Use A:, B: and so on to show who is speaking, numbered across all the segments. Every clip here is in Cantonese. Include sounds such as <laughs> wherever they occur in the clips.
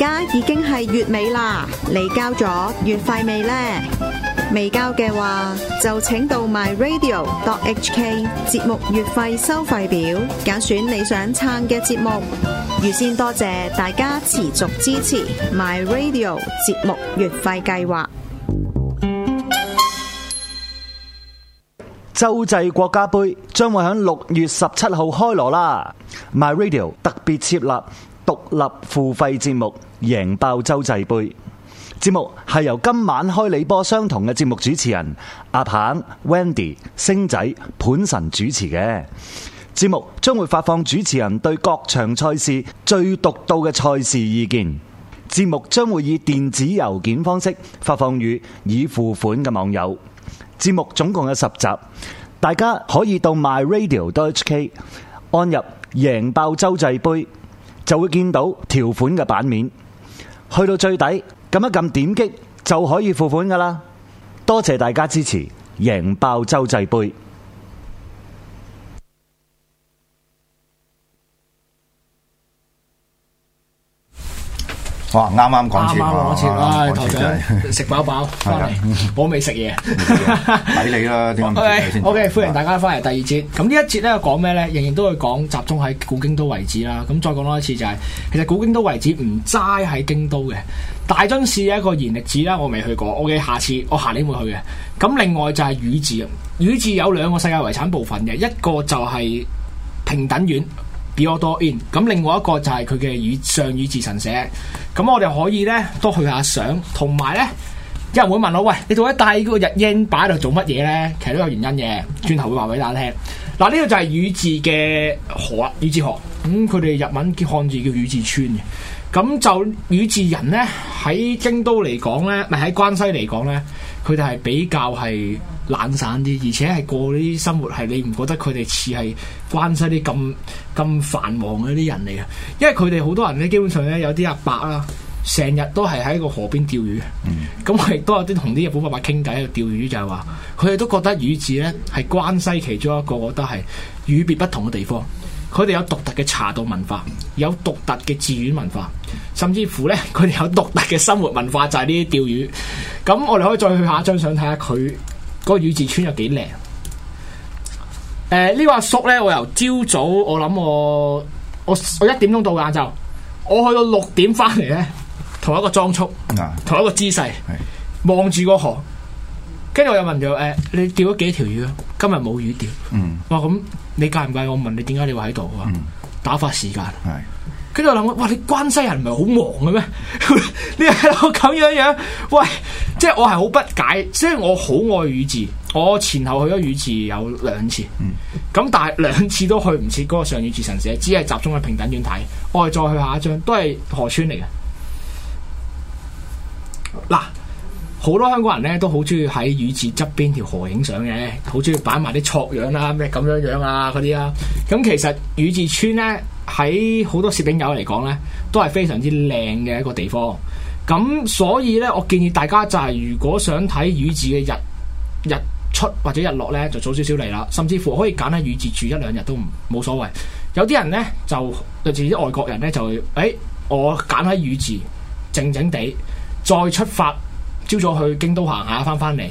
A: 而家已經係月尾啦，你交咗月費未呢？未交嘅話，就請到 myradio.hk 節目月費收費表，揀選你想撐嘅節目。預先多謝大家持續支持 myradio 節目月費計劃。
B: 洲際國家盃將會喺六月十七號開鑼啦！myradio 特別設立獨立付費節目。贏爆洲際杯節目係由今晚開理波相同嘅節目主持人阿鵬、Wendy、星仔、本神主持嘅節目，將會發放主持人對各場賽事最獨到嘅賽事意見。節目將會以電子郵件方式發放予已付款嘅網友。節目總共有十集，大家可以到 My Radio HK 按入贏爆洲際杯，就會見到條款嘅版面。去到最底，撳一撳點擊就可以付款噶啦！多謝大家支持，贏爆洲際杯。哇！啱啱講完，啱啱講完，哇！頭食飽飽翻嚟，我未食嘢，睇你啦。O K O K，
A: 歡迎大家翻嚟第二節。咁呢一節咧講咩咧？仍然都會講集中喺古京都遺址啦。咁再講多一次就係，其實古京都遺址唔齋喺京都嘅，大津市有一個延曆寺啦，我未去過。O K，下次我下年會去嘅。咁另外就係宇治，宇治有兩個世界遺產部分嘅，一個就係平等院。比我多 in，咁另外一個就係佢嘅宇上宇治神社，咁我哋可以咧都去下相，同埋咧有人會問我，喂，你做咩帶嗰個日英擺喺度做乜嘢咧？其實都有原因嘅，轉頭會話俾大家聽。嗱，呢個就係宇治嘅河，宇治河，咁佢哋日文叫漢字叫宇治村嘅，咁就宇治人咧喺京都嚟講咧，咪喺關西嚟講咧，佢哋係比較係，懶散啲，而且係過呢啲生活係你唔覺得佢哋似係關西啲咁咁繁忙嘅啲人嚟啊？因為佢哋好多人咧，基本上咧有啲阿伯啦，成日都係喺個河邊釣魚。咁我亦都有啲同啲日本伯伯傾偈喺度釣魚，就是，就係話佢哋都覺得宇治咧係關西其中一個，我覺得係與別不同嘅地方。佢哋有獨特嘅茶道文化，有獨特嘅寺院文化，甚至乎咧佢哋有獨特嘅生活文化，就係呢啲釣魚。咁我哋可以再去下一張相睇下佢。嗰個魚字穿得幾靚？誒、呃，這個、阿呢個叔咧，我由朝早我諗我我我一點鐘到晏晝，我去到六點翻嚟咧，同一個裝束，啊、同一個姿勢，望住是個河，跟住我又問咗：呃「誒，你釣咗幾條魚啊？今日冇魚釣、嗯，嗯，話咁你介唔介？我問你點解你話喺度啊？打發時間，係、嗯，跟住我諗，哇！你關西人唔係好忙嘅咩？ <laughs> 你度咁樣樣，喂。喂即係我係好不解，雖然我好愛宇治，我前後去咗宇治有兩次，咁、嗯、但係兩次都去唔切嗰個上宇治神社，只係集中喺平等院睇。我哋再去下一張，都係河川嚟嘅。嗱，好多香港人咧都好中意喺宇治側邊條河影相嘅，好中意擺埋啲錯樣啦，咩咁樣樣啊嗰啲啊。咁、啊、其實宇治村咧喺好多攝影友嚟講咧，都係非常之靚嘅一個地方。咁所以咧，我建議大家就係、是、如果想睇宇治嘅日日出或者日落咧，就早少少嚟啦。甚至乎可以揀喺宇治住一兩日都唔冇所謂。有啲人咧就對住啲外國人咧就誒、欸，我揀喺宇治靜靜地再出發，朝早去京都行下，返返嚟。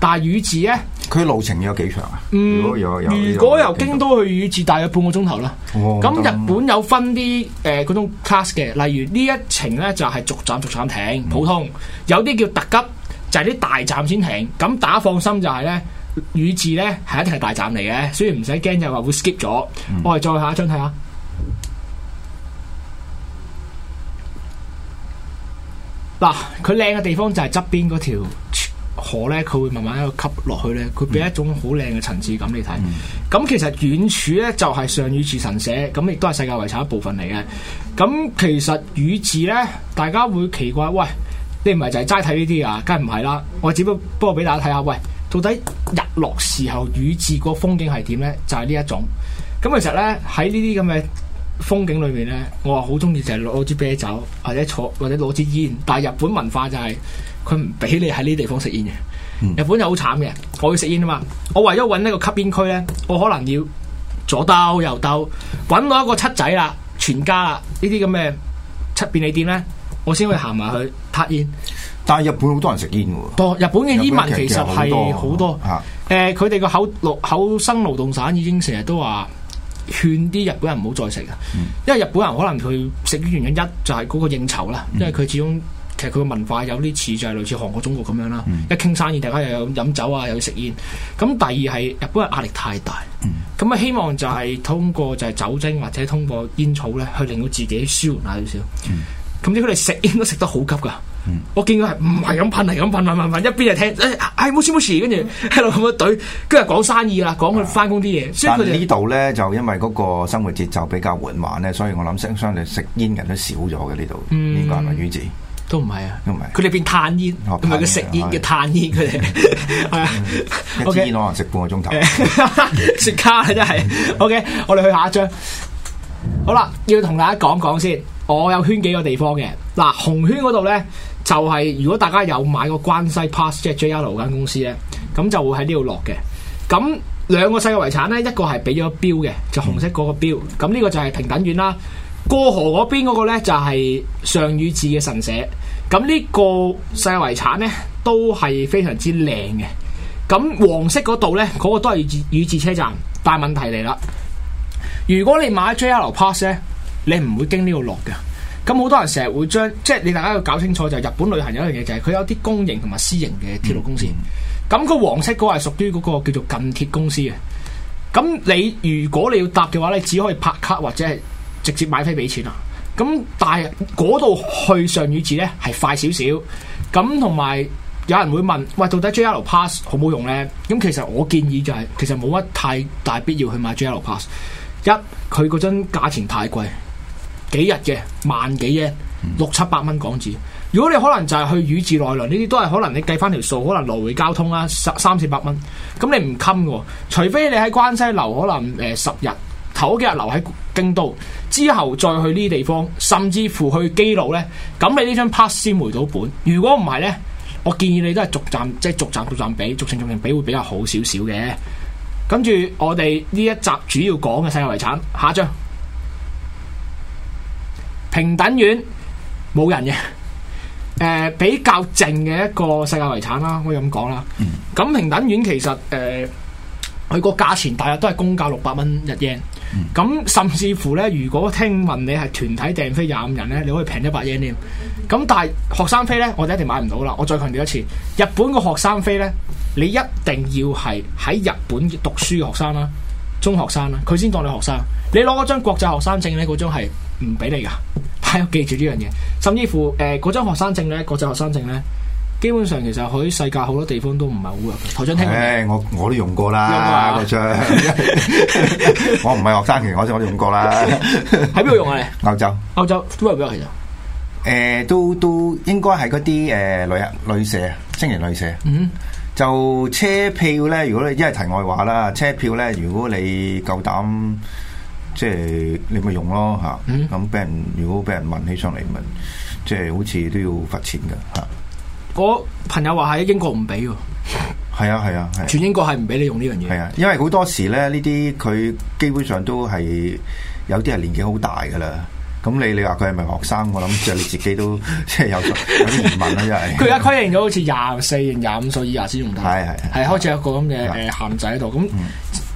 A: 但係宇治咧，
B: 佢路程要有幾長啊？嗯，如果由
A: 京都去宇治，大約半個鐘頭啦。咁日本有分啲誒嗰種 class 嘅，例如呢一程咧就係逐站逐站停，普通有啲叫特急，就係啲大站先停。咁大家放心就係咧，宇治咧係一定係大站嚟嘅，所以唔使驚就話會 skip 咗。我哋再下一張睇下。嗱，佢靚嘅地方就係側邊嗰條。河咧佢會慢慢一個級落去咧，佢俾一種好靚嘅層次感你睇。咁、嗯、其實遠處咧就係、是、上宇治神社，咁亦都係世界遺產一部分嚟嘅。咁其實宇治咧，大家會奇怪，喂，你唔係就係齋睇呢啲啊？梗係唔係啦，我只不不過俾大家睇下，喂，到底日落時候宇治個風景係點咧？就係、是、呢一種。咁其實咧喺呢啲咁嘅風景裏面咧，我係好中意就係攞支啤酒或者坐或者攞支煙，但係日本文化就係、是。佢唔俾你喺呢啲地方食煙嘅，日本就好慘嘅。我要食煙啊嘛，我為咗揾呢個吸煙區咧，我可能要左兜右兜，揾到一個七仔啦，全家啦呢啲咁嘅七便利店咧，我先可以行埋去吸煙。但係日本好多人食煙嘅喎，日本嘅煙民其實係好多。誒，佢哋個口勞口，厚生勞動省已經成日都話勸啲日本人唔好再食啊，嗯、因為日本人可能佢食煙原因一就係嗰個應酬啦，嗯、因為佢始終。其實佢個文化有啲似，就係類似韓國、中國咁樣啦。嗯、一傾生意，大家又有飲酒啊，又要食煙。咁第二係日本人壓力太大，咁啊、嗯、希望就係通過就係酒精或者通過煙草咧，去令到自己舒緩下少少。咁即佢哋食煙都食得好急噶。嗯、我見佢係唔係咁噴，係咁噴、噴、噴、噴，一邊就聽誒，冇事冇事，跟住喺度咁樣懟，跟住講生意啦，講佢返工啲嘢。但係呢
B: 度咧，就因為嗰個生活節奏比較緩慢咧，所以我諗相相對食煙人都少咗嘅呢度。這個、嗯，呢個係咪宇都唔係啊，唔係。
A: 佢哋變碳煙，唔係佢食煙叫碳煙，佢哋係
B: 啊。 <laughs> <laughs> 一支煙可能食半個鐘頭，
A: 食卡啦真係。O、okay, K， <laughs> 我哋去下一張。好啦，要同大家講講先。我有圈幾個地方嘅，嗱，紅圈嗰度咧就係、是、如果大家有買過關西 p a s s j J R L 間公司咧，咁就會喺呢度落嘅。咁兩個世界遺產咧，一個係俾咗標嘅，就紅色嗰個標。咁呢個就係平等院啦。過河嗰邊嗰個咧就係上宇治嘅神社。咁呢個世界遺產呢，都係非常之靚嘅。咁黃色嗰度呢，嗰、嗰個都係宇治車站，大問題嚟啦。如果你買 JR Pass 呢，你唔會經呢度落嘅。咁好多人成日會將，即係你大家要搞清楚，就係，日本旅行有一樣嘢就係，佢有啲公營同埋私營嘅鐵路公司。咁、嗯、個黃色嗰係屬於嗰個叫做近鐵公司嘅。咁你如果你要搭嘅話，你只可以拍卡或者係直接買飛俾錢啊。咁但係嗰度去上宇治呢，係快少少，咁同埋有人會問，「喂，到底 JR Pass 好冇用呢？」咁其實我建議就係、是，其實冇乜太大必要去買 JR Pass。一，佢嗰張價錢太貴，幾日嘅萬幾嘅六七百蚊港紙。如果你可能就係去宇治奈良呢啲，都係可能你計翻條數，可能來回交通啦，三三四百蚊，咁你唔冚嘅。除非你喺關西留，可能誒、呃、十日頭嗰幾日留喺。京都之後再去呢啲地方，甚至乎去基佬呢。咁你呢張 pass 先回到本。如果唔係呢，我建議你都係逐站即係逐站逐站比，逐程逐程比會比較好少少嘅。跟住我哋呢一集主要講嘅世界遺產，下一張平等院冇人嘅，誒、呃、比較靜嘅一個世界遺產啦，可以咁講啦。咁、嗯、平等院其實誒佢個價錢大約都係公價六百蚊日圓。咁、嗯、甚至乎咧，如果聽聞你係團體訂飛廿五人咧，你可以平一百日圓。咁但係學生飛咧，我哋一定買唔到啦。我再強調一次，日本個學生飛咧，你一定要係喺日本讀書嘅學生啦，中學生啦，佢先當你學生。你攞嗰張國際學生證咧，嗰張係唔俾你噶。要記住呢樣嘢，甚至乎誒嗰張學生證咧，國際學生證咧。基本上其實喺世界好多地方都唔係好弱嘅。張、欸、聽，
B: 我我都用過啦，張。我唔係學生。其實我我都用過啦。喺邊度用啊？你歐洲？歐洲都係邊度？其實，誒，都都應該係嗰啲誒旅旅社啊，青年旅社。社嗯。就車票咧，如果你一係題外話啦，車票咧，如果你夠膽，即係你咪用咯吓。咁俾人如果俾人問起上嚟，咪即係好似都要罰錢噶吓。
A: 我朋友話喺英國唔俾喎，
B: 係啊係啊，啊啊啊全
A: 英國係唔俾你用呢樣嘢。係啊，
B: 因為好多時咧，呢啲佢基本上都係有啲係年紀好大㗎喇。咁你你話佢係咪學生？我諗就你自己都即係有有疑問啦，真係。佢而家規定咗好似廿四，定廿五歲以下先用得。係係係，
A: 開始有一個咁嘅誒限制喺度。咁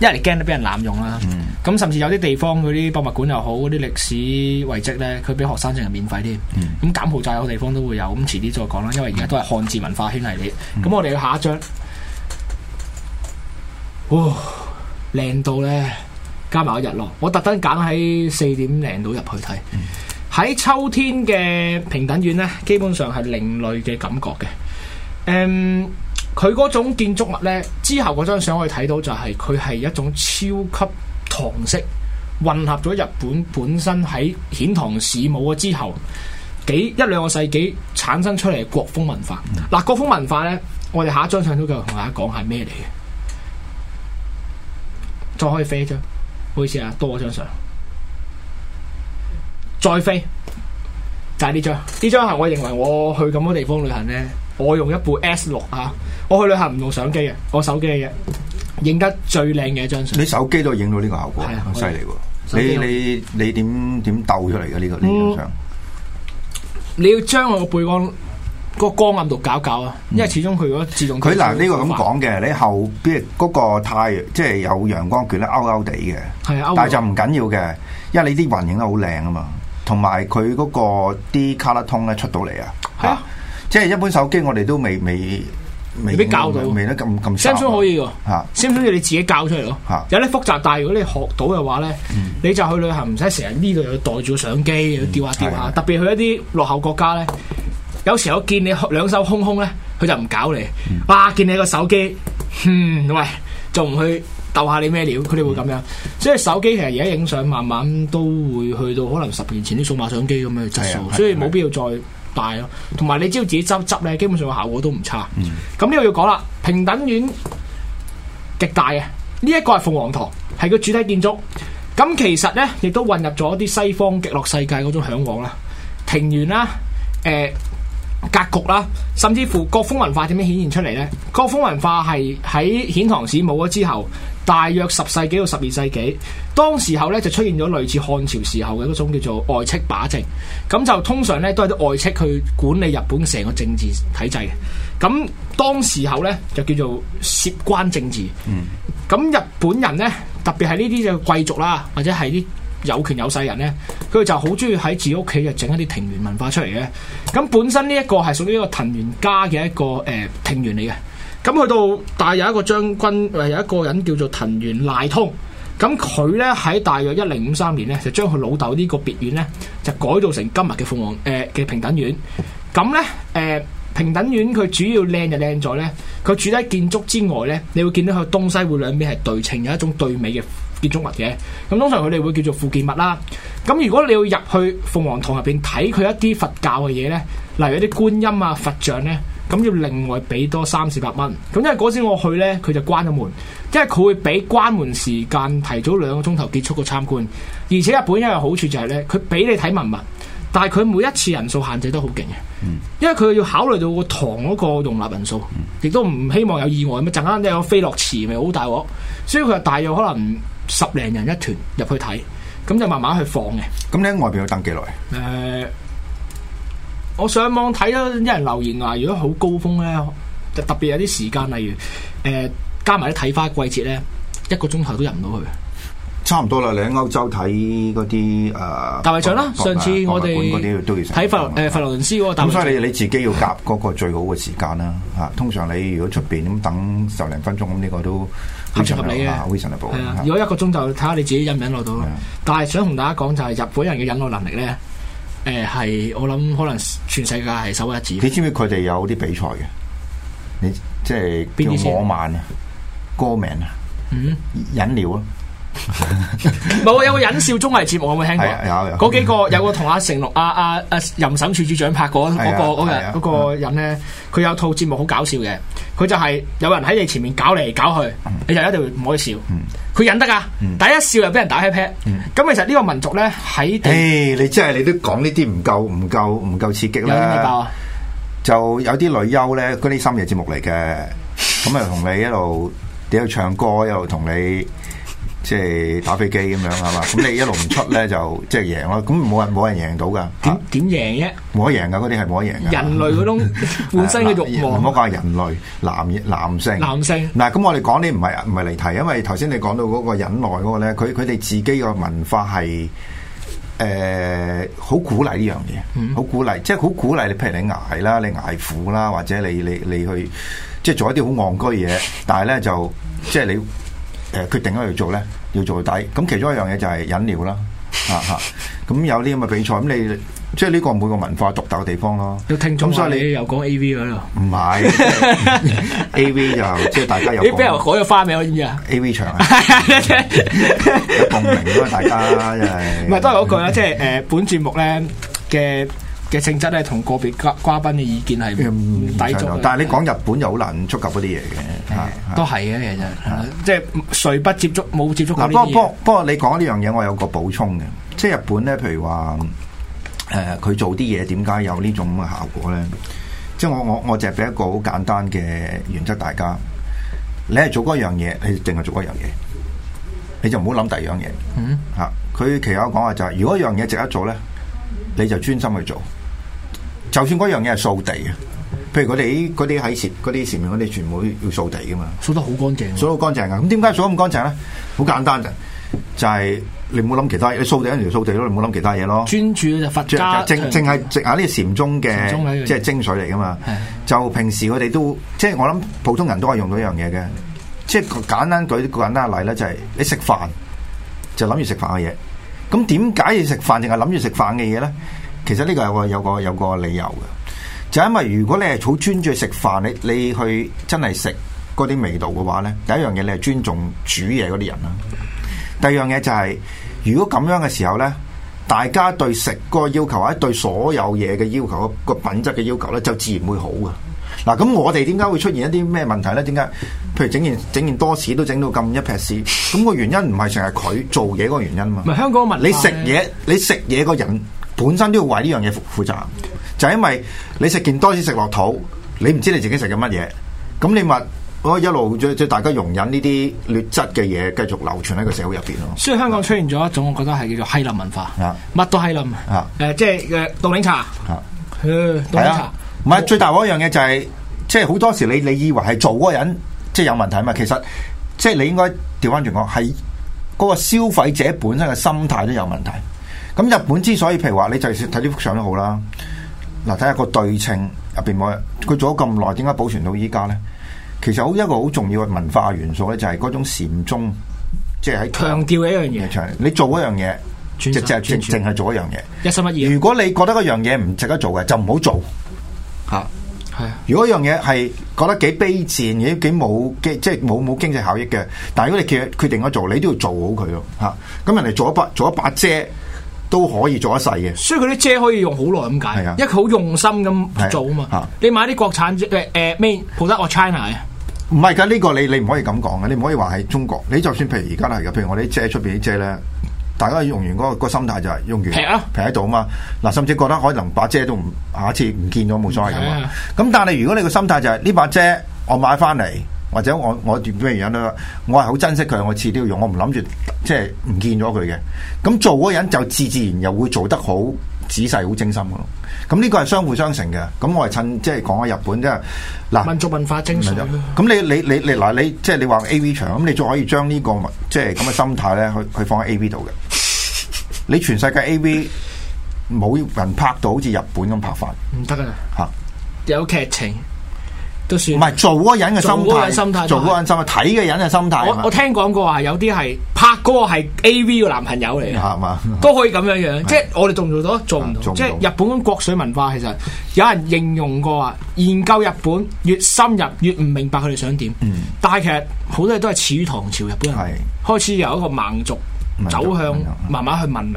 A: 一嚟驚都俾人濫用啦。咁、嗯、甚至有啲地方嗰啲博物館又好，嗰啲歷史遺跡咧，佢俾學生淨係免費添。咁柬埔寨有地方都會有。咁遲啲再講啦，因為而家都係漢字文化圈系列。咁我哋要下一張。哇、呃，靚、呃、到咧！呃加埋一日囉，我特登揀喺四點零度入去睇。喺秋天嘅平等院呢，基本上係另類嘅感覺嘅。誒、嗯，佢嗰種建築物呢，之後嗰張相可以睇到、就係，就係佢係一種超級唐式，混合咗日本本身喺遣唐使冇咗之後幾一兩個世紀產生出嚟嘅國風文化。嗱、嗯啊，國風文化呢，我哋下一張相都繼續同大家講係咩嚟嘅，再可以飛張。唔好意思啊，多咗張相，再飛，就係呢張，呢張係我認為我去咁多地方旅行咧，我用一部 S 六啊，我去旅行唔用相機嘅，我手機嘅，影得最靚嘅一張相。
B: 你手機都影到呢個效果，犀利喎！你你你點點斗出嚟嘅呢個呢張相？
A: 你要將我個背光。個光暗度搞搞啊，因為始終佢個自動佢嗱呢個咁講
B: 嘅，你後邊嗰個太陽即係有陽光，見得勾勾地嘅，但係就唔緊要嘅，因為你啲雲影都好靚啊嘛，同埋佢嗰個啲 color tone 咧出到嚟啊，即係一般手機我哋都未未未教到，未得咁咁深，可以嘅，吓，深唔深要你自己教出嚟咯，有啲複雜，但係如果你學到嘅話咧，你
A: 就去旅行唔使成日呢度又袋住相機去吊下吊下，特別去一啲落後國家咧。有時候見你兩手空空咧，佢就唔搞你。哇！見你個手機，嗯，喂，仲唔去逗下你咩料？佢哋會咁樣，所以手機其實而家影相慢慢都會去到可能十年前啲數碼相機咁嘅質素，所以冇必要再帶咯。同埋你只要自己執執咧，基本上個效果都唔差。咁呢個要講啦，平等院極大嘅呢一個係鳳凰堂，係個主體建築。咁其實咧亦都混入咗一啲西方極樂世界嗰種向往啦，庭園啦，誒。格局啦，甚至乎國風文化點樣顯現出嚟呢？國風文化係喺遣唐使冇咗之後，大約十世紀到十二世紀，當時候呢就出現咗類似漢朝時候嘅嗰種叫做外戚把政，咁就通常呢都係啲外戚去管理日本成個政治體制嘅。咁當時候呢，就叫做攝關政治。嗯。咁日本人呢，特別係呢啲嘅貴族啦，或者係啲。有權有勢人呢，佢就好中意喺自己屋企入整一啲庭園文化出嚟嘅。咁本身呢一個係屬於一個藤原家嘅一個誒、呃、庭園嚟嘅。咁去到大係有一個將軍，誒、呃、有一個人叫做藤原賴通。咁佢呢喺大約一零五三年呢，就將佢老豆呢個別院呢，就改造成今日嘅鳳凰誒嘅平等院。咁呢誒、呃、平等院佢主要靚就靚在呢，佢除咗建築之外呢，你會見到佢東西會兩邊係對稱，有一種對美嘅。建築物嘅，咁通常佢哋會叫做附建物啦。咁如果你要入去鳳凰堂入邊睇佢一啲佛教嘅嘢呢，例如一啲觀音啊、佛像呢，咁要另外俾多三四百蚊。咁因為嗰時我去呢，佢就關咗門，因為佢會俾關門時間提早兩個鐘頭結束個參觀。而且日本有一個好處就係呢，佢俾你睇文物，但係佢每一次人數限制都好勁嘅，因為佢要考慮到個堂嗰個容納人數，亦都唔希望有意外咁，陣間你有飛落池咪好大鑊，所以佢就大約可能。十零人一團入去睇，
B: 咁就慢慢去放嘅。咁你喺外邊要等幾耐？
A: 誒、呃，我上網睇咗，有人留言話，如果好高峰咧，就特別有啲時間，例如誒、呃、加埋啲睇花季節咧，一個鐘頭都入唔到去。
B: 差唔多啦，你喺歐洲睇嗰啲誒，大衞像啦，上次我哋睇法
A: 誒佛羅倫斯喎，等所以你
B: 你自己要夾嗰個最好嘅時間啦嚇。通常你如果出邊咁等十零分鐘，咁呢個都合情合理嘅，reasonable。
A: 如果一個鐘就睇下你自己忍唔忍落到。但係想同大家講就係日本人嘅忍耐能力咧，
B: 誒係我諗可能全世界係首屈一指。你知唔知佢哋有啲比賽嘅？你即係邊啲？我慢啊，歌名啊，嗯，飲料啊。
A: 冇 <laughs> <laughs> <laughs> 有個忍笑綜藝節目有冇聽過？有、啊、有。嗰幾個有個同阿成龍、阿阿阿任審處處長拍過嗰個人個人咧，佢有套節目好搞笑嘅。佢就係有人喺你前面搞嚟搞去，你就一定唔可以笑。佢、嗯、忍得啊，第、嗯、一笑又俾人打乞撇。咁、嗯、其實呢個民族咧喺誒，地
B: <laughs> 你真係你都講呢啲唔夠唔夠唔夠刺激啦。有啲咩爆、啊、就有啲女優咧，嗰啲深夜節目嚟嘅，咁啊同你一路又唱歌又同你。 <laughs> 即係打飛機咁樣係嘛？咁你一路唔出咧，就即係贏咯。咁冇人冇人贏到噶。點點贏啫？冇得贏噶，嗰啲係冇得贏噶。人類嗰種換新嘅慾望。唔好講係人類男、男性。男性嗱，咁我哋講啲唔係唔係離題，因為頭先你講到嗰個忍耐嗰個咧，佢佢哋自己個文化係誒好鼓勵呢樣嘢，好鼓勵，即係好鼓勵你。譬如你捱啦，你捱苦啦，或者你你你去即係做一啲好戇居嘢，但係咧就即係你。誒決定喺度做咧，要做到底。咁其中一樣嘢就係飲料啦，嚇嚇。咁有啲咁嘅比賽，咁你即係呢個每個文化獨特嘅地方咯。有聽眾。咁所
A: 以你有講 A V 嗰度？唔
B: 係，A V 就即係大家有。你邊度改咗花名可以唔知啊？A V 場啊，有共鳴，因為大家又係。唔係
A: 都係嗰句啦，即係誒本節目咧嘅。嘅性質咧，同個別嘉嘉賓嘅意見係唔、嗯、抵觸足。但係你
B: 講日本又好難觸及嗰啲嘢嘅，嗯啊、都
A: 係嘅其實，即係誰不接觸冇接觸過、啊、不過
B: 不過你講呢樣嘢，我有個補充嘅，即係日本咧，譬如話誒，佢、啊啊、做啲嘢點解有呢種嘅效果咧？即係我我我淨係俾一個好簡單嘅原則，大家你係做嗰樣嘢，你淨係做嗰樣嘢，你就唔好諗第二樣嘢。嗯，佢、啊、其他講話就係、是，如果一樣嘢值得做咧，你就專心去做。就算嗰樣嘢係掃地啊，譬如我哋啲嗰啲喺前嗰啲前面，我哋全部要掃地噶嘛，掃得好乾淨，掃得好乾淨噶。咁點解掃得咁乾淨咧？好簡單嘅，就係你唔好諗其他嘢，你掃地就掃地咯，你唔好諗其他嘢咯。專注就佛家，淨淨係直下呢禪宗嘅，即係精髓嚟噶嘛。就平時佢哋都即係我諗，普通人都係用到一樣嘢嘅。即係簡單舉簡單例咧，就係你食飯就諗住食飯嘅嘢。咁點解要食飯？淨係諗住食飯嘅嘢咧？其實呢個有個有個有個理由嘅，就因為如果你係好專注食飯，你你去真係食嗰啲味道嘅話呢，第一樣嘢你係尊重煮嘢嗰啲人啦。第二樣嘢就係如果咁樣嘅時候呢，大家對食個要求，或者對所有嘢嘅要求個品質嘅要求呢，就自然會好嘅。嗱，咁我哋點解會出現一啲咩問題呢？點解譬如整件整件多士都整到咁一劈屎？咁個原因唔係淨係佢做嘢嗰個原因嘛？香港問你食嘢你食嘢個人。本身都要為呢樣嘢負負責，就係因為你食件多啲食落肚，你唔知你自己食緊乜嘢，咁你咪一路最最大家容忍呢啲劣質嘅嘢繼續流傳喺個社會入邊咯。
A: 所以香港出現咗一種，的我覺得係叫
B: 做欺凌文化，乜的都欺凌」的，啊，誒，即係誒，凍檸茶。
A: 嚇，係啊，
B: 唔係最大嗰樣嘢就係，即係好多時你你以為係做嗰個人即係有問題啊嘛，其實即係你應該調翻轉講係嗰個消費者本身嘅心態都有問題。咁日本之所以，譬如話你就算睇呢幅相都好啦，嗱睇下個對稱入邊冇，佢做咗咁耐，點解保存到依家咧？其實好一個好重要嘅文化元素咧，就係嗰種禪宗，即係喺強調一樣嘢。你做一樣嘢身，就就淨係身做一樣嘢，一心一意。如果你覺得嗰樣嘢唔值得做嘅，就唔好做。吓，係啊。啊如果樣嘢係覺得幾卑賤，幾幾冇經，即係冇冇經濟效益嘅，但係如果你決決定咗做，做，你都要做好佢咯。吓，咁人哋做一把做一把遮。1 É. 都可以做一世嘅，所以佢啲遮可以用好耐咁解，啊、因為佢好用心咁
A: 做啊嘛。啊你買啲國產誒誒咩 produce of China 啊？
B: 唔係㗎，呢個你你唔可以咁講嘅，你唔可以話喺中國。你就算譬如而家係嘅，譬如我啲遮出邊啲遮咧，大家用完嗰、嗰個心態就係用完平啊，平喺度啊嘛。嗱，甚至覺得可能把遮都唔下一次唔見咗冇所謂㗎嘛。咁、啊、但係如果你個心態就係呢把遮我買翻嚟。或者我我段咩樣咧？我係好珍惜佢，我次都要用，我唔諗住即係唔見咗佢嘅。咁做嗰人就自自然又會做得好仔細、好精心嘅。咁呢個係相輔相成嘅。咁我係趁即係講下日本，即係嗱民族文化精神。咁族你你你嗱你，你，你，你即係你話 A V 長，咁，你仲可以將、這個、呢個即係咁嘅心態咧，去去放喺 A V 度嘅。你全世界 A V 冇人拍到好似日本咁拍法，唔得噶吓，
A: 啊、有劇情。
B: 唔係做嗰人嘅心態，做嗰樣心態，做嗰心啊！
A: 睇嘅人嘅心態。我我聽講過啊，有啲係拍哥係 A V 嘅男朋友嚟啊，都可以咁樣樣。即係我哋做唔做到，做唔到。即係日本嗰種國粹文化，其實有人形容過啊，研究日本越深入越唔明白佢哋想點。但係其實好多嘢都係似於唐朝，日本人開始由一個蠻族走向慢慢去文明。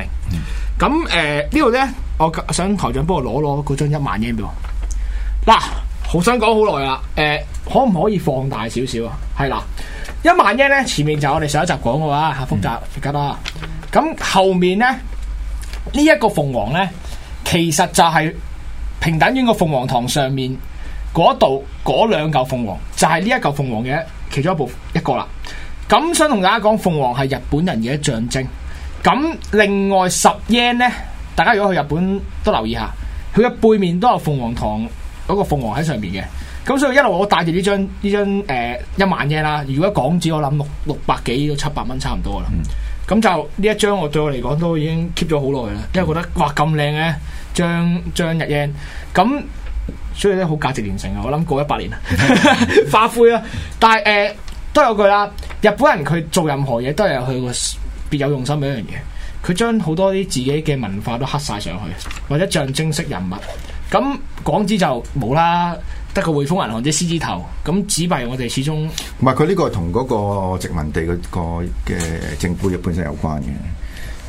A: 咁誒呢度咧，我想台長幫我攞攞嗰張一萬日圓俾我。嗱。好想講好耐啦，誒、呃，可唔可以放大少少？係啦，一萬 yen 咧，前面就係我哋上一集講嘅啦，福澤諭吉啦。咁後面咧，這個、鳳，呢一個鳳凰咧，其實就係平等院嘅鳳凰堂上面嗰度嗰兩嚿鳳凰，就係呢一嚿鳳凰嘅其中一部一個啦。咁想同大家講，鳳凰係日本人嘅象徵。咁另外十 yen 咧，大家如果去日本都留意下，佢嘅背面都有鳳凰堂。嗰個鳳凰喺上面嘅，咁所以一路我帶住呢張呢張誒一萬 yen e 啦。呃、1, yen, 如果港紙我諗六六百幾到七百蚊差唔多啦。咁、嗯、就呢一張我對我嚟講都已經 keep 咗好耐啦，因為覺得哇咁靚嘅張張日 yen 咁所以咧好價值連城啊！我諗過一百年啊，嗯嗯、 <laughs> 化灰啊。但係誒、呃、都有句啦，日本人佢做任何嘢都係有佢個別有用心嘅一樣嘢，佢將好多啲自己嘅文化都刻晒上去，或者象徵式人物。咁港紙就冇啦，得個匯豐銀行啲獅子頭。咁紙幣我哋始終
B: 唔係佢呢個同嗰個殖民地嗰個嘅政府嘅本身有關嘅。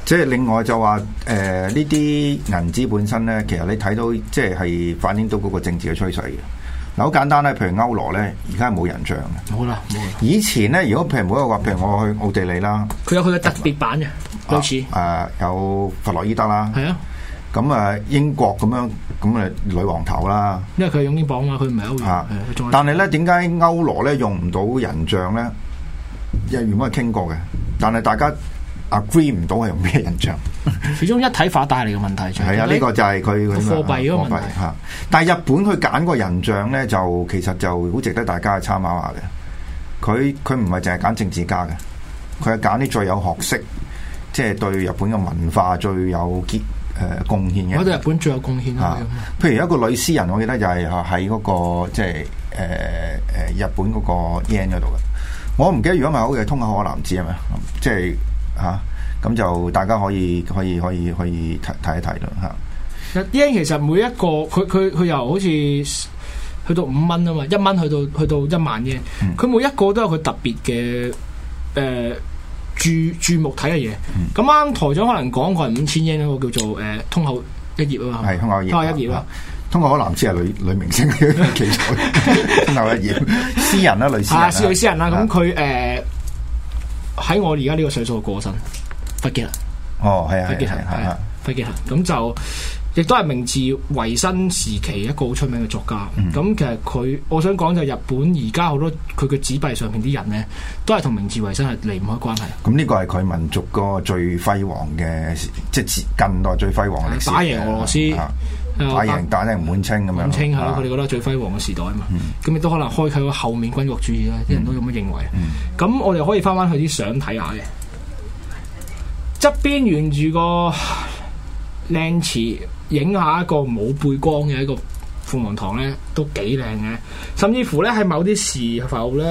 B: 即係另外就話，誒，呢啲銀紙本身咧，其實你睇到即係係反映到嗰個政治嘅趨勢嘅。嗱好簡單啦，譬如歐羅咧，而家係冇人像嘅，
A: 冇啦冇。
B: 以前咧，如果譬如每一個話，譬如我去奧地利啦，佢有佢嘅特別版嘅，好似誒有弗洛伊德啦，係啊。對啊啊咁啊，英國咁樣咁啊，女王頭啦。因為佢、啊、用英鎊
A: 嘛，佢唔係歐元。但係
B: 咧，點解歐羅咧用唔到人像咧？因為原本係傾過嘅，但係大家 agree 唔到係用咩人像。
A: <laughs> 其中一體化帶嚟嘅問題就係。啊，呢、呢個就係佢咁樣貨幣嗰、啊、
B: 但係日本佢揀個人像咧，就其實就好值得大家參考下嘅。佢佢唔係淨係揀政治家嘅，佢係揀啲最有學識，即、就、係、是、對日本嘅文化最有結。誒，貢獻嘅。我哋日本最有貢獻啊！譬如一個女詩人，我記得就係喺嗰個即係誒誒日本嗰個 yen 嗰度嘅。我唔記得如果係好嘅，通口可男子係咪？即係吓咁，就大家可以可以可以可以睇睇一睇咯吓。
A: yen 其實每一個佢佢佢又好似去到五蚊啊嘛，一蚊去到去到一萬 yen。佢每一個都有佢特別嘅誒。呃注注目睇嘅嘢，咁啱台長可能講過係五千英，一個叫做誒樋口一葉啊嘛，係樋口一葉，樋口一葉啊，
B: 樋口可能男知係女女明星嘅題材，樋口一葉，私人啦類似啊，私女私人啦，咁
A: 佢誒喺我而家呢個歲數過身，肺結核，
B: 哦係係係係，
A: 肺結核，咁就。亦都係明治維新時期一個好出名嘅作家，咁、嗯、其實佢我想講就日本而家好多佢嘅紙幣上邊啲人咧，都係同明治維新係離唔開關係。
B: 咁呢個係佢民族個最輝煌嘅，即、就、係、是、近代最輝煌歷史。打贏俄羅斯，啊啊、打贏打贏滿清咁樣。滿清係佢哋
A: 覺得最輝煌嘅時代啊嘛，咁亦、嗯嗯、都可能開啟個後面軍國主義啦，啲人，人都咁樣認為。咁、嗯嗯、我哋可以翻翻去啲相睇下嘅，側邊沿住個。吏 l u 影下一個冇背光嘅一個鳳凰堂咧，都幾靚嘅。甚至乎咧，喺某啲時候咧，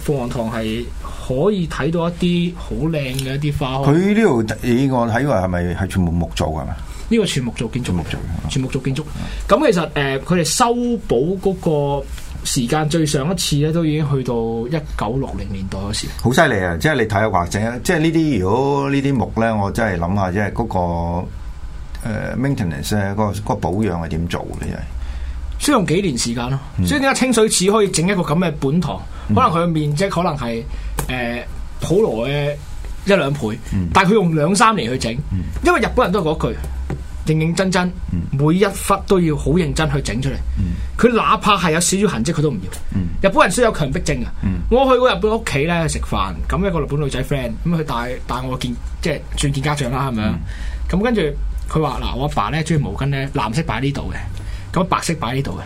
A: 誒鳳凰堂係可以睇到一啲好靚嘅一啲花。佢
B: 呢度，嗯、我睇話係咪係全部木做㗎嘛？
A: 呢個全木造建築，全木造，全木造建築。咁、嗯、其實誒，佢、呃、哋修補嗰個時間最上一次咧，都已經去到一九六零
B: 年代嗰時。好犀利啊！即係你睇下華仔，即係呢啲如果呢啲木咧，我真係諗下，即係嗰、那個。誒，maintenance 咧，嗰個嗰個保養係點做嘅？即係
A: 需要用幾年時間咯。所以點解清水池可以整一個咁嘅本堂，可能佢嘅面積可能係誒普羅嘅一兩倍，但係佢用兩三年去整。因為日本人都係嗰句，認認真真，每一忽都要好認真去整出嚟。佢哪怕係有少少痕跡，佢都唔要。日本人需要有強迫症啊。我去過日本屋企咧食飯，咁一個日本女仔 friend，咁佢帶帶我見，即係算見家長啦，係咪啊？咁跟住。佢話，嗱，我阿爸咧中意毛巾咧，藍色擺呢度嘅，咁白色擺呢度嘅，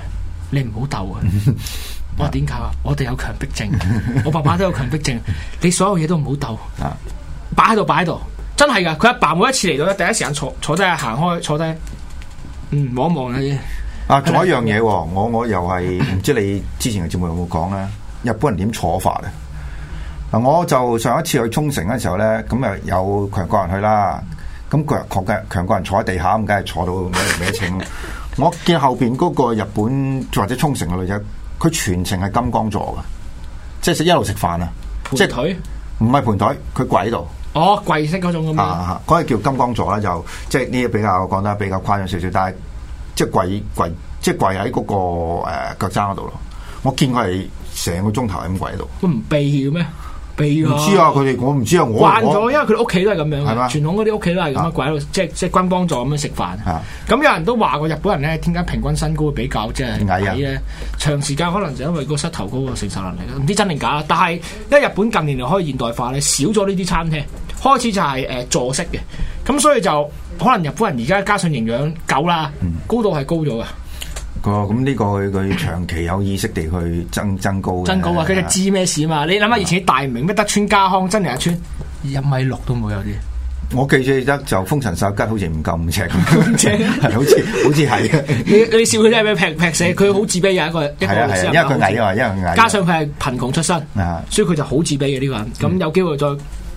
A: 你唔好鬥啊！我點解啊？我哋有強迫症，我爸爸都有強迫症，你所有嘢都唔好鬥，擺喺度擺喺度，真係噶！佢阿爸每一次嚟到咧，第一時間坐坐低行開坐低，嗯，望一望
B: 你。啊，仲有一樣嘢，我我又係唔知你之前嘅節目有冇講啦，日本人點坐法啊？嗱，我就上一次去沖繩嘅時候咧，咁啊有強國人去啦。咁佢又強嘅，強國人坐喺地下咁，梗係坐到歪歪斜斜。 <laughs> 我見後邊嗰個日本或者沖繩嘅女仔，佢全程係金剛座嘅，即係食一路食飯啊，盤腿？唔係盤腿，佢跪喺度。哦，跪式嗰種咁啊，嗰、嗰個叫金剛座啦，就即係呢啲比較講得比較誇張少少，但係即係跪跪，跪，即係跪喺嗰、嗰個誒腳踭嗰度咯。我見佢係成個鐘頭咁跪喺度。佢唔避嘅咩？唔知啊，佢哋我唔知啊，我慣咗，
A: 因為佢屋企都係咁樣嘅，嗎
B: 傳統嗰啲屋企都係咁樣，跪
A: 喺度、啊，即即軍方座咁樣食飯。咁、啊、有人都話過日本人咧，點解平均身高比較即係矮啊？矮的長時間可能就因為個膝頭高個承受能力，唔知真定假，但係因為日本近年嚟開始現代化咧，少咗呢啲餐廳，開始就係、是、誒、呃、坐式嘅，咁所以就可能日本人而家加上營養夠啦，高度係高咗嘅。嗯
B: 個咁呢個佢佢長期有意識地去增增高增高啊！佢就知
A: 咩事嘛？你諗下，以前大名咩德川家康真係一村
B: 一米六都冇有啲。我記住得就豐臣秀吉好似唔夠五尺，好似好似係你你笑佢真係俾劈劈死佢，好自卑嘅一個一個。因為佢矮啊，因為矮。加上
A: 佢係貧窮出身，所以佢就好自卑嘅呢個人。咁有機會再。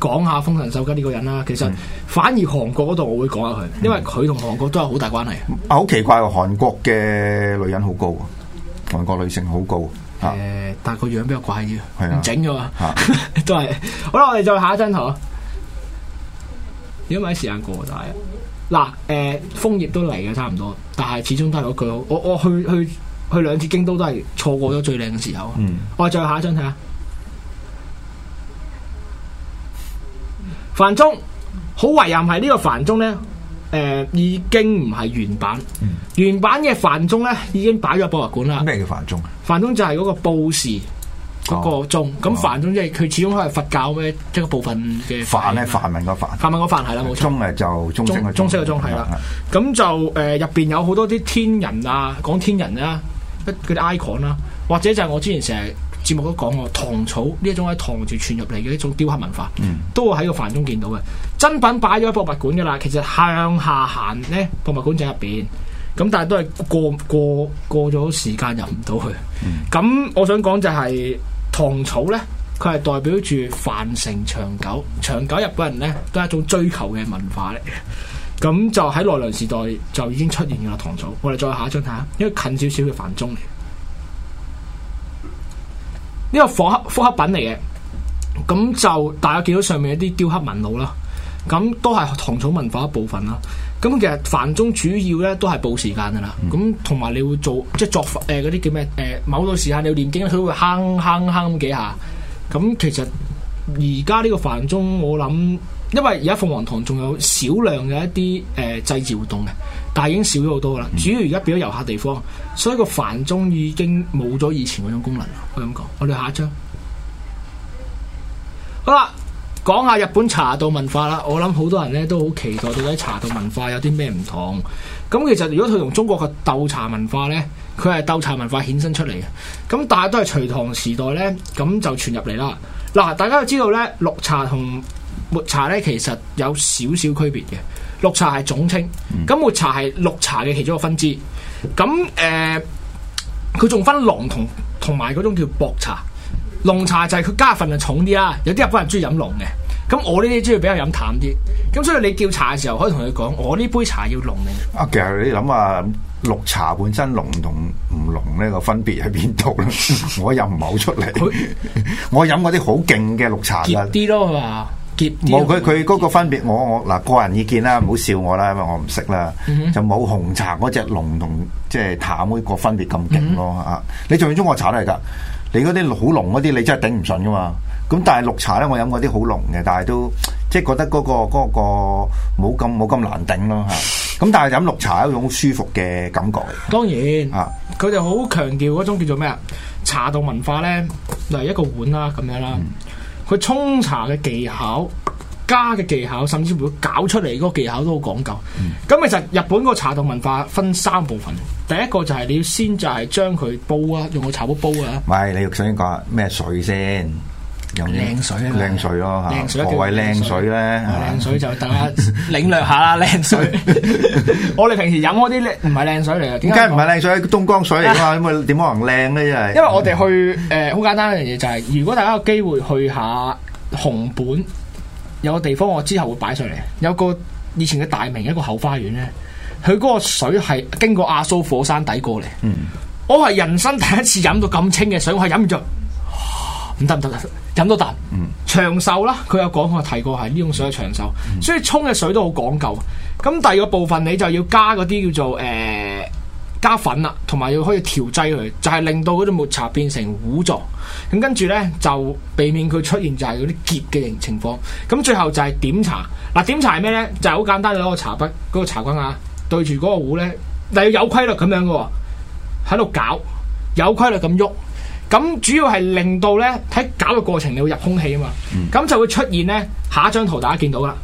A: 講下豐臣秀吉呢個人啦，其實反而韓國嗰度我會講下佢，因為佢同韓國都有好大關係，嗯
B: 哦。啊，好奇怪喎！韓國嘅女人好高，韓國女性好高。誒，但係個樣比較怪啲，係整咗啊，
A: 啊 <laughs> 都係。好啦，我哋再下一張圖。因為啲時間過晒啦。嗱、呃，誒，楓葉都嚟嘅，差唔多，但係始終都係嗰句，我我去去去兩次京都都係錯過咗最靚嘅時候，嗯、我哋再下一張睇下。梵鐘，好遺憾係呢個梵鐘咧，誒、呃，已經唔係原版。嗯、原版嘅梵鐘咧，已經擺咗喺博物館啦。咩叫梵鐘？梵鐘就係嗰個布士，嗰個鐘。咁梵鐘即係佢始終都係佛教嘅一個部分嘅。梵咧，梵文個梵，梵文個梵係啦，冇錯。
B: 鐘誒，就中式嘅
A: 中，中，中式嘅鐘係啦。咁就誒，入、呃、邊有好多啲天人啊，講天人啦、啊，嗰啲 icon 啦，或者就係我之前成日節目都講過，唐草呢一種喺唐朝傳入嚟嘅一種雕刻文化，嗯、都會喺個梵中見到嘅。真品擺咗喺博物館噶啦，其實向下行咧，博物館就入邊，咁但係都係過過過咗時間入唔到去。咁、嗯、我想講就係、是、唐草咧，佢係代表住繁盛長久，長久日本人咧都係一種追求嘅文化嚟。咁就喺奈良時代就已經出現嘅啦，唐草。我哋再下一張睇下，因為近少少嘅梵中嚟。呢個複刻複刻品嚟嘅，咁就大家見到上面一啲雕刻紋路啦，咁都係唐草文化一部分啦。咁其實梵鐘主要咧都係報時間噶啦，咁同埋你會做即係作誒嗰啲叫咩誒、呃？某個時間你要念經，佢會吭吭吭咁幾下。咁其實而家呢個梵鐘，我諗因為而家鳳凰堂仲有少量嘅一啲誒祭祀活動嘅。但係已經少咗好多啦，主要而家變咗遊客地方，所以個繁中已經冇咗以前嗰種功能。我咁講，我哋下一張。好啦，講下日本茶道文化啦。我諗好多人咧都好期待，到底茶道文化有啲咩唔同？咁其實如果佢同中國嘅鬥茶文化呢，佢係鬥茶文化衍生出嚟嘅。咁但係都係隋唐時代呢，咁就傳入嚟啦。嗱，大家都知道呢，綠茶同抹茶呢，其實有少少區別嘅。綠茶係總稱，咁、嗯、抹茶係綠茶嘅其中一個分支。咁誒，佢、呃、仲分濃同同埋嗰種叫薄茶。濃茶就係佢加份就重啲啦，有啲日本人中意飲濃嘅。咁我呢啲中意比較飲淡啲。咁所以你叫茶嘅時候，可以同佢講，我呢杯茶要濃啲。
B: 啊，其實你諗下、啊、綠茶本身濃同唔濃呢個分別喺邊度咧？ <laughs> 我又唔係好出嚟，他 <laughs> 我飲嗰啲好勁嘅綠茶啦。啲咯，佢話。冇佢佢嗰個分別，我我嗱個人意見啦，唔好笑我啦，因為我唔識啦，就冇紅茶嗰隻濃同即係淡嗰個分別咁勁咯啊！嗯、哼你仲要中國茶嚟噶，你嗰啲好濃嗰啲，你真係頂唔順噶嘛。咁但係綠茶咧，我飲嗰啲好濃嘅，但係都即係覺得嗰、嗰個、嗰個冇咁冇咁難頂咯吓。咁但係飲綠茶有一種好舒服嘅感覺。當然啊，佢哋
A: 好強調嗰種叫做咩啊？茶道文化咧，嗱一個碗啦，咁樣啦。嗯佢沖茶嘅技巧、加嘅技巧，甚至乎搞出嚟嗰個技巧都好講究。咁、嗯、其實日本嗰個茶道文化分三部分，第一個就係你要先就係將佢煲啊，用個茶煲煲啊。
B: 唔係，你要先講咩水先？飲靚水啊！靚水咯吓，何謂靚水咧？靚水就大家領略下啦！靚 <laughs> 靚水，
A: <laughs> 我哋平時
B: 飲嗰啲唔係靚
A: 水嚟嘅。點解唔係
B: 靚水？東江水嚟嘛？點點可能靚咧？因為因為
A: 我哋去誒，好、呃、簡單一樣嘢，就係、是，如果大家有機會去下熊本有個地方，我之後會擺上嚟。有個以前嘅大名一個後花園咧，佢嗰個水係經過阿蘇火山底過嚟。嗯、我係人生第一次飲到咁清嘅水，我係飲唔着。唔得唔得，飲多啖。長壽啦，佢有講，我提過係呢種水係長壽，長壽 mm hmm。所以沖嘅水都好講究。咁第二個部分，你就要加嗰啲叫做誒、呃、加粉啦，同埋要可以調劑佢，就係、是、令到嗰啲抹茶變成糊狀。咁跟住咧就避免佢出現就係嗰啲結嘅情況。咁最後就係點茶。嗱、啊、點茶係咩咧？就係、是、好簡單，攞、那個茶筆嗰、那個茶菌啊，對住嗰個壺咧，但係有規律咁樣嘅喎，喺度搞，有規律咁喐。咁主要係令到呢，喺攪嘅過程，你會入空氣啊嘛，咁、嗯、就會出現呢。下一張圖大家見到啦。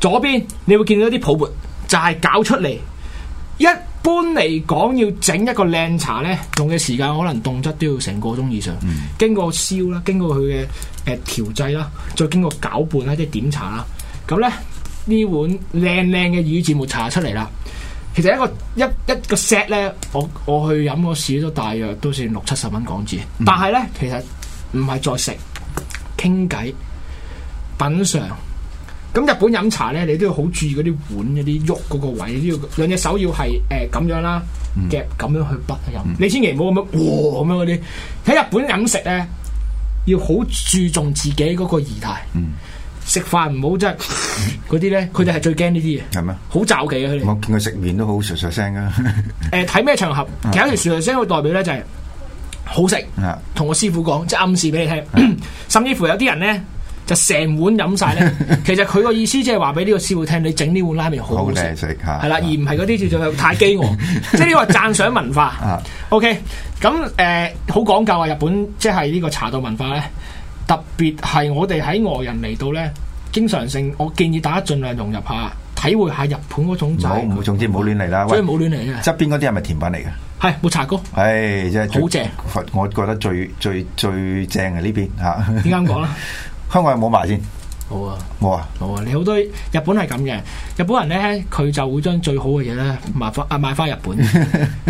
A: 左邊你會見到啲泡沫，就係、是、攪出嚟。一般嚟講，要整一個靚茶呢，用嘅時間可能動輒都要成個鐘以上。嗯、經過燒啦，經過佢嘅誒調製啦，再經過攪拌啦，即係點茶啦，咁呢，呢碗靚靚嘅宇治抹茶出嚟啦。其實一個一一個石咧，我我去飲嗰時都大約都算六七十蚊港紙。嗯、但係咧，其實唔係再食，傾偈，品嘗。咁日本飲茶咧，你都要好注意嗰啲碗、嗰啲喐嗰個位，都要兩隻手要係誒咁樣啦，夾咁、嗯、樣去滗飲。嗯、你千祈唔好咁樣，哇咁樣嗰啲。喺日本飲食咧，要好注重自己嗰個儀態。嗯食飯唔好即，嗰啲咧，佢哋係最驚呢啲嘢。係咩？好罩忌啊！佢哋。我見佢食麵都好嘈嘈聲噶。誒，睇咩場合？有一條嘈嘈聲，會代表咧就係好食。同我師傅講，即係暗示俾你聽。甚至乎有啲人咧，就成碗飲晒咧。其實佢個意思即係話俾呢個師傅聽，你整呢碗拉麵好好食。係啦，而唔係嗰啲叫做太飢餓。即係呢個讚賞文化。O K，咁誒，好講究啊！日本即係呢個茶道文化咧。特別係我哋喺外人嚟到咧，經常性我建議大家盡量融入下，體會下日本嗰種。唔好有，唔好、就是，
B: 總之唔好亂嚟啦。所以唔好亂嚟。側邊嗰啲係咪甜品嚟嘅？係，抹茶糕。唉、哎，真係好正。我棒我覺得最最最正嘅呢邊吓。啱講啦， <laughs> 香港有冇賣先？.好
A: 啊，冇啊，好啊，你好多日本係咁嘅，日本人咧佢就會將最好嘅嘢咧賣翻啊賣翻日本，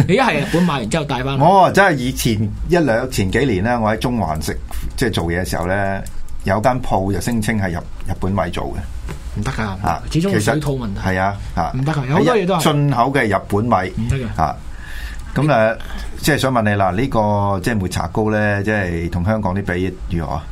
B: 你家係日本買完之後帶翻。 <laughs> 哦，即係以前一兩前幾年咧，我喺中環食即係做嘢嘅時候咧，有間鋪就聲稱係日日本米做嘅，唔得噶，終啊，始終水土問題係啊，啊，唔得噶，好多嘢都係進口嘅日本米。唔得嘅啊。咁誒，你即係想問你啦，呢、這個即係抹茶糕咧，即係同香港啲比如何啊？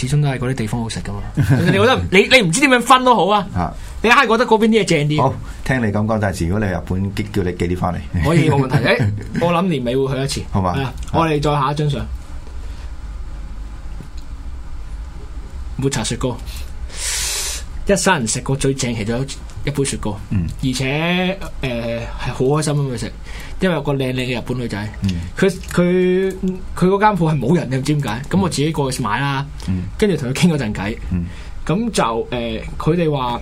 A: 始終都係嗰啲地方好食㗎嘛。 <laughs> 你覺得你你唔知點樣分都好啊。 <laughs> 你係覺得嗰邊啲嘢正啲。好，
B: 聽你咁講陣時，如果你去日本，叫叫你寄啲翻嚟。 <laughs> 可以冇問題。誒、欸，我諗年尾會去一次，好嘛？
A: 我哋再下一張相，抹 <laughs> 茶雪糕，一生人食過最正，其中一一杯雪糕。嗯、而且誒係好開心咁去食。因為有個靚靚嘅日本女仔，佢佢佢嗰間鋪係冇人，你唔知點解。咁我自己過去買啦，嗯、跟住同佢傾嗰陣偈。咁、嗯、就誒，佢哋話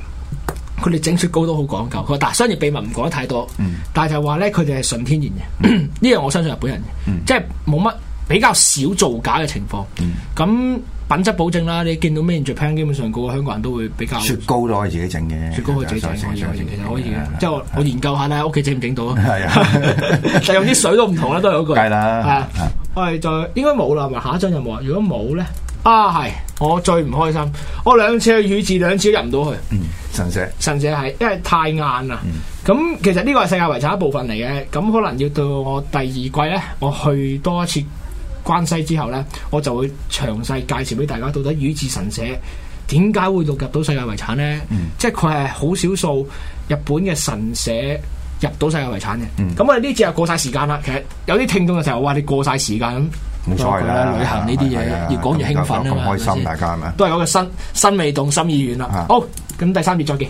A: 佢哋整雪糕都好講究。佢話但商業秘密唔講得太多，嗯、但係就話咧，佢哋係純天然嘅。呢樣、嗯、 <coughs> 我相信日本人，嗯、即係冇乜比較少造假嘅情況。咁、嗯。嗯嗯品質保證啦！你見到咩 ingredient，基本上個
B: 個香港人都會比較雪糕都可以自己整嘅，雪糕可以自己整，其實可以嘅。
A: 即係我研究下啦，屋企整唔整到？係啊，就用啲水都唔同啦，都係嗰句。係啦，
B: 係
A: 我哋再應該冇啦，係咪下一張就冇啊？如果冇咧，啊係我最唔開心，我兩次去宇治兩次都入唔到去。
B: 神社，
A: 神社係因為太晏啦。咁其實呢個係世界遺產一部分嚟嘅，咁可能要到我第二季咧，我去多一次。關西之後咧，我就會詳細介紹俾大家，到底宇治神社點解會入到世界遺產咧？即係佢係好少數日本嘅神社入到世界遺產嘅。咁我哋呢節啊過晒時間啦。其實有啲聽眾嘅時候，話：你過晒時間咁，冇錯啦，旅行呢啲嘢越講越興奮啊嘛。咁開心，大家係咪都係嗰個身未動，心已遠啦。好，咁第三節再見。